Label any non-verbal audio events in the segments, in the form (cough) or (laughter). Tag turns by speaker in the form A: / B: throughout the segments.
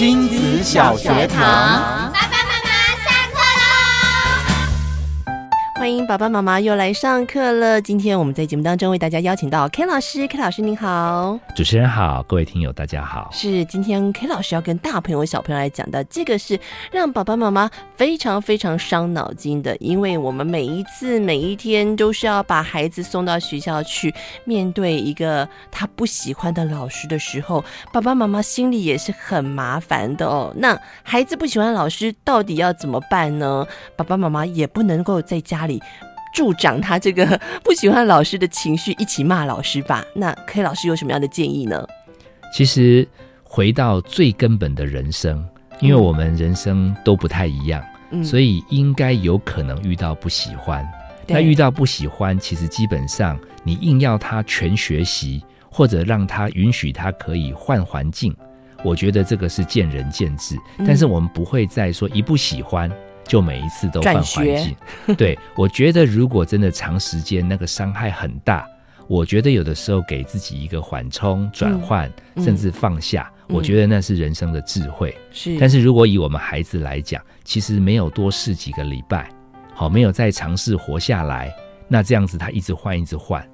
A: 親子小學堂。
B: 歡迎爸爸媽媽又來上課了。今天我們在節目當中為大家邀請到 K 老師，K 老師您好，
A: 主持人好，各位聽友大家好。
B: 是今天 K 老師要跟大朋友、小朋友來講的，這個是讓爸爸媽媽非常非常傷腦筋的，因為我們每一次、每一天都是要把孩子送到學校去，面對一個他不喜歡的老師的時候，爸爸媽媽心裡也是很麻煩的哦。那孩子不喜歡老師，到底要怎麼辦呢？爸爸媽媽也不能夠在家裡。你助長他這個不喜歡老師的情緒，一起罵老師吧。那柯老師有什麼樣的建議呢？
A: 其實回到最根本的人生，因為我們人生都不太一樣，嗯、所以應該有可能遇到不喜歡。嗯、那遇到不喜歡，其實基本上你硬要他全學習，或者讓他允許他可以換環境，我覺得這個是見仁見智。但是我們不會再說一不喜歡。就每一次都換環境。轉學 (laughs) 對，我覺得如果真的長時間那個傷害很大，我覺得有的時候給自己一個緩衝、轉換，嗯、甚至放下，嗯、我覺得那是人生的智慧。嗯、是，但是如果以我們孩子來講，其實沒有多試幾個禮拜，好，沒有再嘗試活下來，那這樣子他一直換，一直換。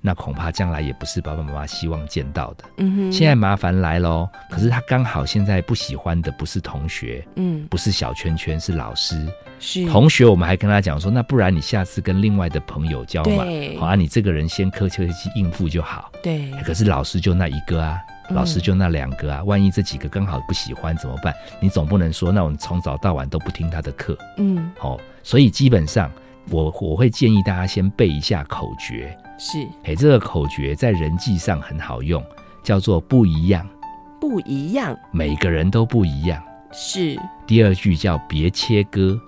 A: 那恐怕將來也不是爸爸媽媽希望見到的。嗯哼。現在麻煩來嘍，可是他剛好現在不喜歡的不是同學，嗯，不是小圈圈，是老師。是同學，我們還跟他講說，那不然你下次跟另外的朋友交嘛。對。哦、啊，你這個人先客氣去應付就好。對、哎。可是老師就那一個啊，
B: 老師就
A: 那兩個啊，嗯、萬一這幾個剛好不喜歡怎麼辦？你總不能說，那我們從早到晚都不聽他的課。嗯。好、哦，所以基本上。我我會建議大家先背一下口訣，是誒、欸，這個口訣在人際上很好用，叫做不一樣，
B: 不一樣，
A: 每個人都不一樣，是。第二句叫別切割，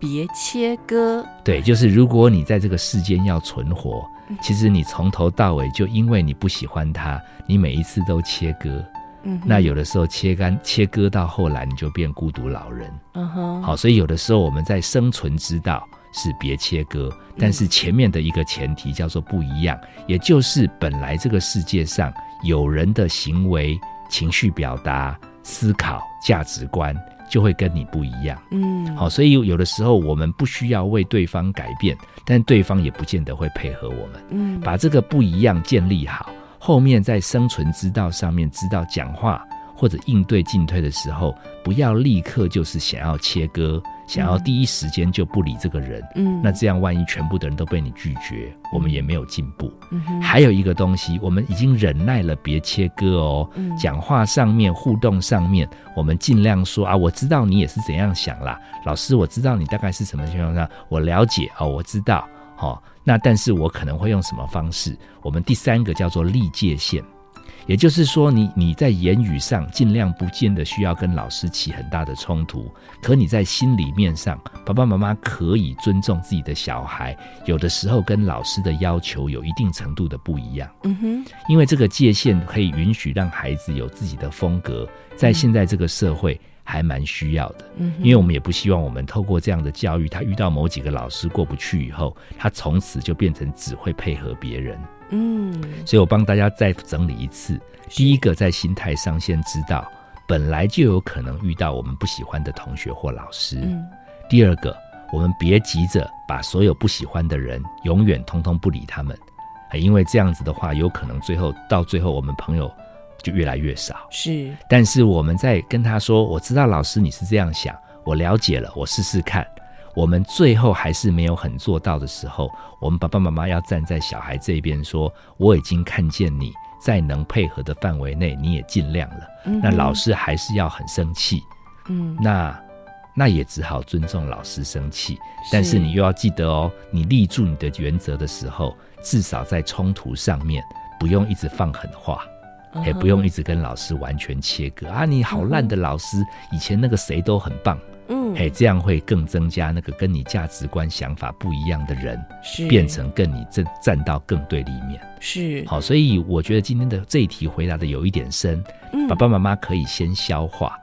B: 別切割，
A: 對，就是如果你在這個世間要存活，嗯哼，其實你從頭到尾就因為你不喜歡他，你每一次都切割，嗯哼，那有的時候切乾，切割到後來你就變孤獨老人，嗯哼，好，所以有的時候我們在生存之道。是別切割，但是前面的一個前提叫做不一樣，嗯、也就是本來這個世界上有人的行為、情緒表達、思考、價值觀就會跟你不一樣。嗯，好、哦，所以有的時候我們不需要為對方改變，但對方也不見得會配合我們。嗯，把這個不一樣建立好，後面在生存之道上面，知道講話或者應對進退的時候，不要立刻就是想要切割。想要第一時間就不理這個人，嗯，那這樣萬一全部的人都被你拒絕，我們也沒有進步。嗯、哼還有一個東西，我們已經忍耐了，別切割哦。講、嗯、話上面、互動上面，我們儘量說啊，我知道你也是怎樣想啦，老師，我知道你大概是什麼情況下，我了解啊、哦，我知道，哦。那但是我可能會用什麼方式？我們第三個叫做立界線。也就是說你，你你在言語上盡量不見得需要跟老師起很大的衝突，可你在心裡面上，爸爸媽媽可以尊重自己的小孩，有的時候跟老師的要求有一定程度的不一樣。嗯哼，因為這個界限可以允許讓孩子有自己的風格，在現在這個社會還蠻需要的。嗯，因為我們也不希望我們透過這樣的教育，他遇到某幾個老師過不去以後，他從此就變成只會配合別人。嗯，所以我幫大家再整理一次。第一個，在心態上先知道，是本來就有可能遇到我們不喜歡的同學或老師。嗯，第二個，我們別急着把所有不喜歡的人永遠通通不理他們，因為這樣子的話，有可能最後到最後我們朋友就越來越少。是，但是我們在跟他說，我知道老師你是這樣想，我了解了，我試試看。我們最後還是沒有很做到的時候，我們爸爸媽媽要站在小孩這邊說：“我已經看見你在能配合的範圍內，你也盡量了。嗯哼”那老師還是要很生氣，嗯，那那也只好尊重老師生氣。嗯、但是你又要記得哦，你立住你的原則的時候，至少在衝突上面不用一直放狠話，也不用一直跟老師完全切割、嗯哼啊！你好爛的老師，嗯哼以前那個誰都很棒。嘿，這樣會更增加那個跟你價值觀想法不一樣的人，是變成跟你站到更對立面，是好。所以我覺得今天的這一題回答的有一點深，嗯、爸爸媽媽可以先消化。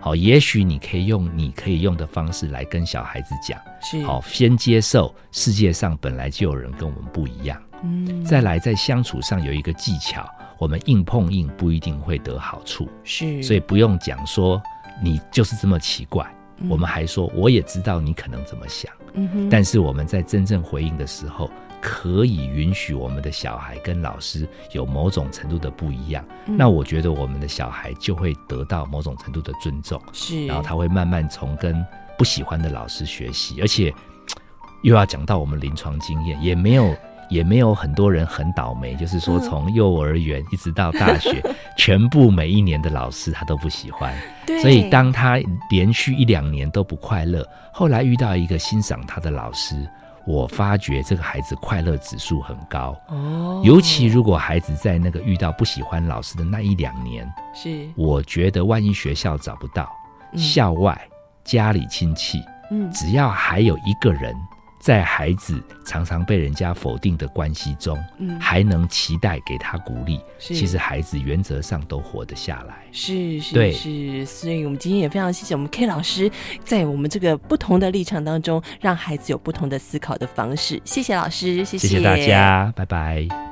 A: 好，也許你可以用你可以用的方式來跟小孩子講，是好，先接受世界上本來就有人跟我們不一樣，嗯，再來在相處上有一個技巧，我們硬碰硬不一定會得好處，是，所以不用講說你就是這麼奇怪。我們還說，我也知道你可能怎麼想，嗯哼。但是我們在真正回應的時候，可以允許我們的小孩跟老師有某種程度的不一樣。嗯。那我覺得我們的小孩就會得到某種程度的尊重，是，然後他會慢慢從跟不喜歡的老師學習，而且又要講到我們臨床經驗，也沒有。也沒有很多人很倒霉，就是說從幼兒園一直到大學，嗯、 (laughs) 全部每一年的老師他都不喜歡，對所以當他連續一兩年都不快樂，後來遇到一個欣賞他的老師，我發覺這個孩子快樂指數很高。哦，尤其如果孩子在那個遇到不喜歡老師的那一兩年，是我覺得萬一學校找不到，嗯、校外家裡親戚，嗯，只要還有一個人。在孩子常常被人家否定的關係中，嗯，還能期待給他鼓勵，是其實孩子原則上都活得下來。是，是
B: 對是，所以我們今天也非常謝謝我們 K 老師，在我們這個不同的立場當中，讓孩子有不同的思考的方式。謝謝老師，謝謝，謝、謝大家，
A: 拜拜。